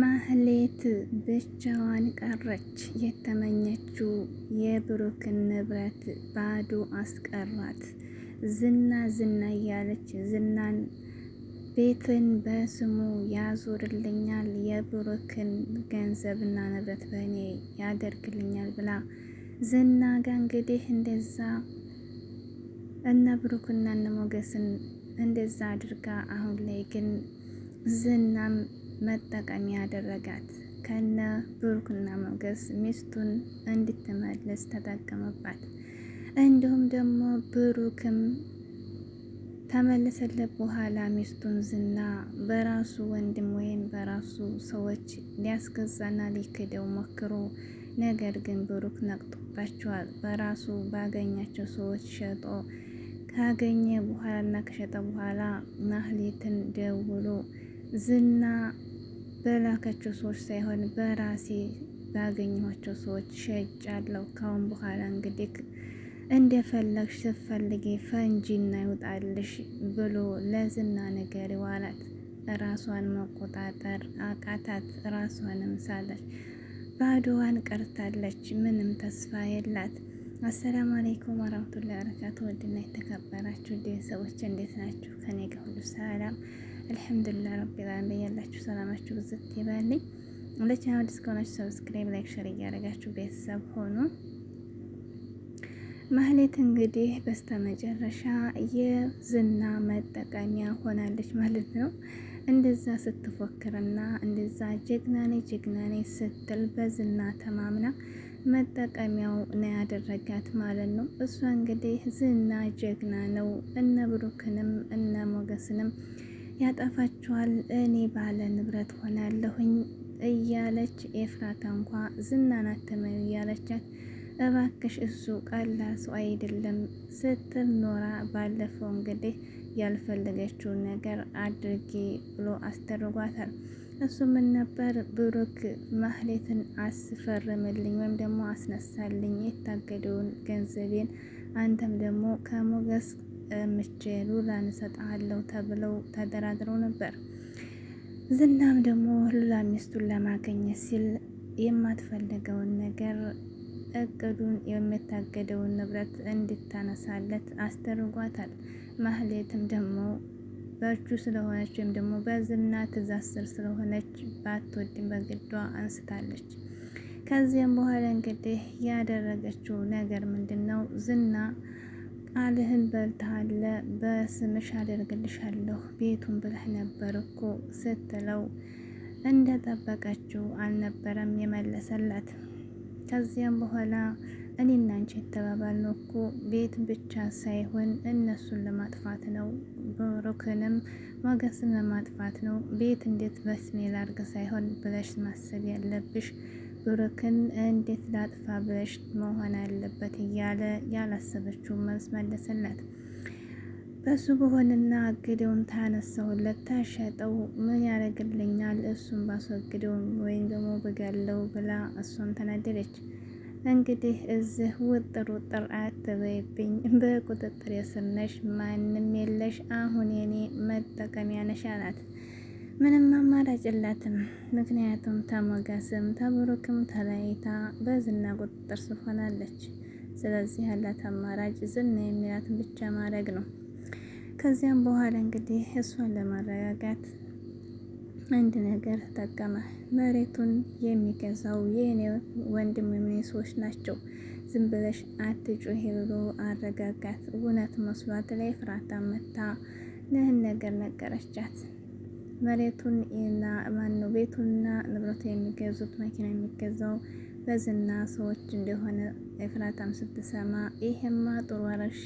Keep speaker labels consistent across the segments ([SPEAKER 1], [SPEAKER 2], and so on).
[SPEAKER 1] ማህሌት ብቻዋን ቀረች። የተመኘችው የብሩክን ንብረት ባዶ አስቀራት። ዝና ዝና እያለች ዝናን ቤትን በስሙ ያዞርልኛል፣ የብሩክን ገንዘብና ንብረት በእኔ ያደርግልኛል ብላ ዝና ጋ እንግዲህ እንደዛ እነ ብሩክና እነ ሞገስን እንደዛ አድርጋ አሁን ላይ ግን ዝናም መጠቀሚያ ያደረጋት። ከነ ብሩክና ሞገስ ሚስቱን እንድትመልስ ተጠቀመባት። እንዲሁም ደግሞ ብሩክም ተመለሰለት በኋላ ሚስቱን ዝና በራሱ ወንድም ወይም በራሱ ሰዎች ሊያስገዛና ሊክደው ሞክሮ፣ ነገር ግን ብሩክ ነቅቶባቸዋል። በራሱ ባገኛቸው ሰዎች ሸጦ ካገኘ በኋላ ከሸጠ በኋላ ማህሌትን ደውሎ ዝና በላከችው ሰዎች ሳይሆን በራሴ ባገኘኋቸው ሰዎች ሸጫለሁ። ካሁን በኋላ እንግዲህ እንደፈለግሽ ስትፈልጊ ፈንጂና ይውጣልሽ ብሎ ለዝና ነገር ዋላት ራሷን መቆጣጠር አቃታት። ራሷንም ሳለች ባዶዋን ቀርታለች። ምንም ተስፋ የላት። አሰላሙ አለይኩም ወራህመቱላሂ ወበረካቱ። ውድና የተከበራችሁ ሰዎች እንዴት ናችሁ? ከኔ ጋር ሁሉ ሰላም አልሐምዱሊላህ ረቢል ዓለሚን ያላችሁ ሰላማችሁ ብዝት ይበልኝ። ለቻናል አዲስ ከሆናችሁ ሰብስክራይብ፣ ላይክ፣ ሸር እያደረጋችሁ ቤተሰብ ሆኑ። ማህሌት እንግዲህ በስተመጨረሻ የዝና መጠቀሚያ ሆናለች ማለት ነው። እንደዛ ስትፎክርና እንደዛ ጀግናኔ ጀግናኔ ስትል በዝና ተማምና መጠቀሚያው ነው ያደረጋት ማለት ነው። እሷ እንግዲህ ዝና ጀግና ነው እነ ብሩክንም እነ ሞገስንም ያጠፋችኋል፣ እኔ ባለ ንብረት ሆናለሁኝ እያለች ኤፍራታ እንኳ ዝናን አትመኝ እያለቻት እባክሽ እሱ ቀላል ሰው አይደለም ስትል ኖራ ባለፈው እንግዲህ ያልፈለገችውን ነገር አድርጌ ብሎ አስደርጓታል እሱ ምን ነበር ብሩክ ማህሌትን አስፈርምልኝ ወይም ደግሞ አስነሳልኝ የታገደውን ገንዘቤን አንተም ደግሞ ከሞገስ ምቼ ሉላን እሰጥሃለሁ ተብለው ተደራድረው ነበር። ዝናም ደግሞ ሉላ ሚስቱን ለማገኘት ሲል የማትፈልገውን ነገር እቅዱን የምታገደውን ንብረት እንድታነሳለት አስደርጓታል። ማህሌትም ደግሞ በእጁ ስለሆነች ወይም ደግሞ በዝና ትእዛዝ ስር ስለሆነች ባትወድም በግዷ አንስታለች። ከዚያም በኋላ እንግዲህ ያደረገችው ነገር ምንድን ነው? ዝና አልህን በልተሃለ በስምሽ አደርግልሻለሁ ቤቱን ብለህ ነበር እኮ ስትለው እንደጠበቀችው አልነበረም የመለሰላት። ከዚያም በኋላ እኔና አንቺ የተባባልነው እኮ ቤት ብቻ ሳይሆን እነሱን ለማጥፋት ነው፣ ብሩክንም ሞገስን ለማጥፋት ነው። ቤት እንዴት በስሜ ላድርግ ሳይሆን ብለሽ ማሰብ ያለብሽ ብሩክን እንዴት ላጥፋ ብለሽ መሆን አለበት እያለ ያላሰበችውን መልስ መለሰላት። በሱ በሆንና አግደውን ታነሳውለት ታሸጠው ምን ያደርግልኛል እሱን ባስወግደው ወይም ደግሞ ብገለው ብላ እሷም ተናደደች። እንግዲህ እዚህ ውጥር ውጥር አትበይብኝ፣ በቁጥጥር የስር ነሽ፣ ማንም የለሽ፣ አሁን የኔ መጠቀሚያ ነሽ አላት። ምንም አማራጭ የላትም። ምክንያቱም ተሞገስም ተብሩክም ተለያይታ በዝና ቁጥጥር ስር ሆናለች። ስለዚህ ያላት አማራጭ ዝና የሚላትን ብቻ ማድረግ ነው። ከዚያም በኋላ እንግዲህ እሷን ለማረጋጋት አንድ ነገር ተጠቀመ። መሬቱን የሚገዛው የኔ ወንድም የኔ ሰዎች ናቸው፣ ዝም ብለሽ አትጩሂ ብሎ አረጋጋት። እውነት መስሏት ላይ ፍራታ መታ ለህን ነገር ነገረቻት። መሬቱን ማነው ቤቱና ንብረቱ የሚገዙት መኪና የሚገዛው በዝና ሰዎች እንደሆነ ኤፍራታም ስትሰማ ይሄማ ጥሩ አረሽ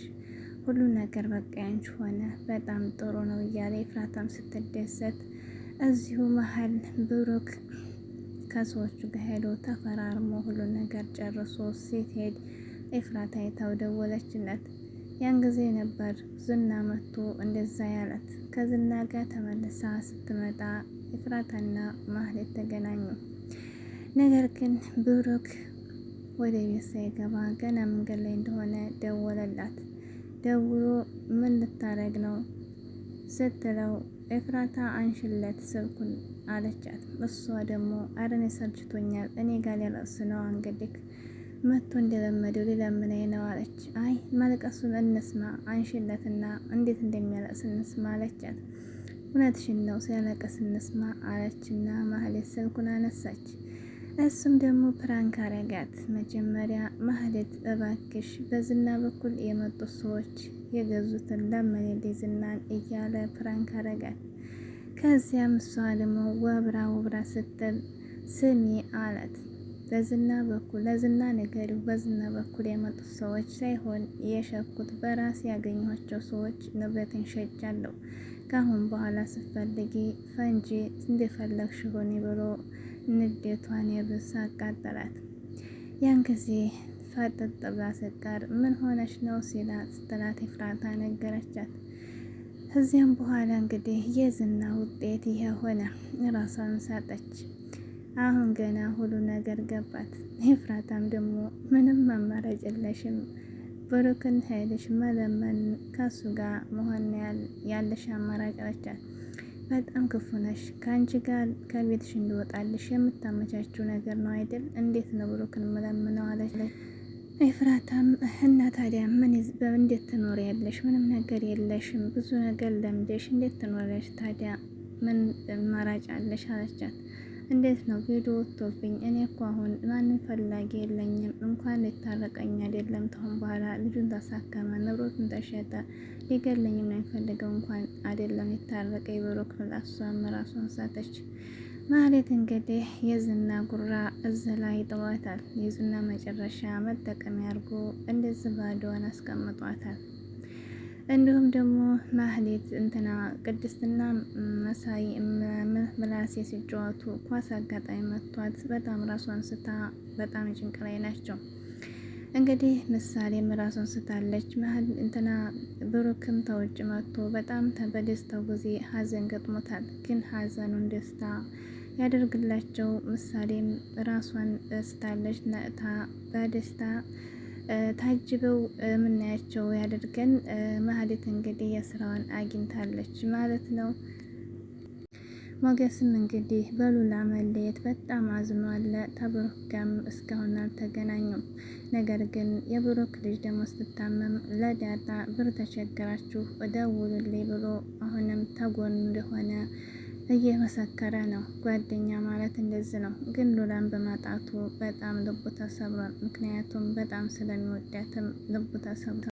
[SPEAKER 1] ሁሉ ነገር በቃ ያንቺ ሆነ፣ በጣም ጥሩ ነው እያለ ኤፍራታም ስትደሰት፣ እዚሁ መሀል ብሩክ ከሰዎቹ ጋር ሄዶ ተፈራርሞ ሁሉ ነገር ጨርሶ ሲሄድ ኤፍራታ አይታው ደወለችለት። ያን ጊዜ ነበር ዝና መጥቶ እንደዛ ያላት። ከዝና ጋር ተመልሳ ስትመጣ ኤፍራታና ማህሌት ተገናኙ። ነገር ግን ብሩክ ወደ ቤት ሳይገባ ገና መንገድ ላይ እንደሆነ ደወለላት። ደውሎ ምን ልታረግ ነው ስትለው ኤፍራታ አንሽለት ስልኩን አለቻት። እሷ ደግሞ አረኔ ሰልችቶኛል እኔ ጋር ሊያለቅስ ነው አንገዴክ መቶ እንደለመደው ሌላ ምን አይነው አለች። አይ ማልቀሱን እንስማ አንሽለትና እንዴት እንደሚያለቅስ እንስማ አለቻት። እውነትሽን ነው ሲያለቅስ እንስማ አለችና ማህሌት ስልኩን አነሳች። እሱም ደግሞ ፕራንክ አረጋት። መጀመሪያ ማህሌት እባክሽ በዝና በኩል የመጡት ሰዎች የገዙትን ለመኔ ዝናን እያለ ፕራንክ አረጋት። ከዚያም እሷ ደግሞ ወብራ ወብራ ስትል ስሚ አለት በዝና በኩል ለዝና ነገር በዝና በኩል የመጡት ሰዎች ሳይሆን የሸኩት በራስ ያገኘኋቸው ሰዎች ንብረትን ሸጫለሁ። ከአሁን በኋላ ስትፈልጊ ፈንጂ እንደፈለግ ሆኒ ብሎ ንዴቷን የብስ አቃጠላት። ያን ጊዜ ፈጥጥ ብላ ምን ሆነች ነው ሲላት ስትላት ፍራታ ነገረቻት። ከዚያም በኋላ እንግዲህ የዝና ውጤት ይሄ ሆነ። ራሷን ሳጠች። አሁን ገና ሁሉ ነገር ገባት። ኤፍራታም ደግሞ ምንም አማራጭ የለሽም፣ ብሩክን ሄደሽ መለመን ከሱ ጋር መሆን ያለሽ አማራጭ አለቻት። በጣም ክፉ ነሽ። ከአንቺ ጋር ከቤትሽ እንድወጣልሽ የምታመቻችው ነገር ነው አይደል? እንዴት ነው ብሩክን መለምነው? አለች ኤፍራታም እና ታዲያ ምን እንዴት ትኖር ያለሽ? ምንም ነገር የለሽም። ብዙ ነገር ለምደሽ እንዴት ትኖር ያለሽ? ታዲያ ምን ማራጭ አለሽ? አለቻት እንዴት ነው ቪዲዮ ወጥቶብኝ? እኔ እኮ አሁን ማንም ፈላጊ የለኝም። እንኳን ልታረቀኝ አይደለም ተሆን በኋላ ልጁን ታሳከመ፣ ንብረቱን ተሸጠ፣ ሊገለኝም ነው የሚፈልገው። እንኳን አይደለም ሊታረቀ ይበሮክል እሷም ራሷን ሳተች። ማለት እንግዲህ የዝና ጉራ እዚህ ላይ ጥሏታል። የዝና መጨረሻ መጠቀሚያ አድርጎ እንደዚህ ባዶዋን አስቀምጧታል። እንዲሁም ደግሞ ማህሌት እንትና ቅድስትና መሳይ ምላሴ ሲጫወቱ ኳስ አጋጣሚ መቷት በጣም ራሷን ስታ በጣም ጭንቅ ላይ ናቸው። እንግዲህ ምሳሌም ራሷን ስታለች ማህል እንትና ብሩክም ተውጭ መጥቶ በጣም በደስታው ጊዜ ሀዘን ገጥሞታል። ግን ሀዘኑን ደስታ ያደርግላቸው ምሳሌም ራሷን ስታለች ነእታ በደስታ ታጅበው የምናያቸው ያደርገን። ማህሌት እንግዲህ የስራዋን አግኝታለች ማለት ነው። ሞገስም እንግዲህ በሉላ መለየት በጣም አዝኗል። ከብሩክ ጋም እስካሁን አልተገናኙም። ነገር ግን የብሩክ ልጅ ደግሞ ስትታመም ለዳጣ ብር ተቸገራችሁ ደውሉልኝ ብሎ አሁንም ተጎን እንደሆነ እየመሰከረ ነው። ጓደኛ ማለት እንደዚህ ነው። ግን ሉላን በማጣቱ በጣም ልቡ ተሰብሯል። ምክንያቱም በጣም ስለሚወዳትም ልቡ ተሰብሯል።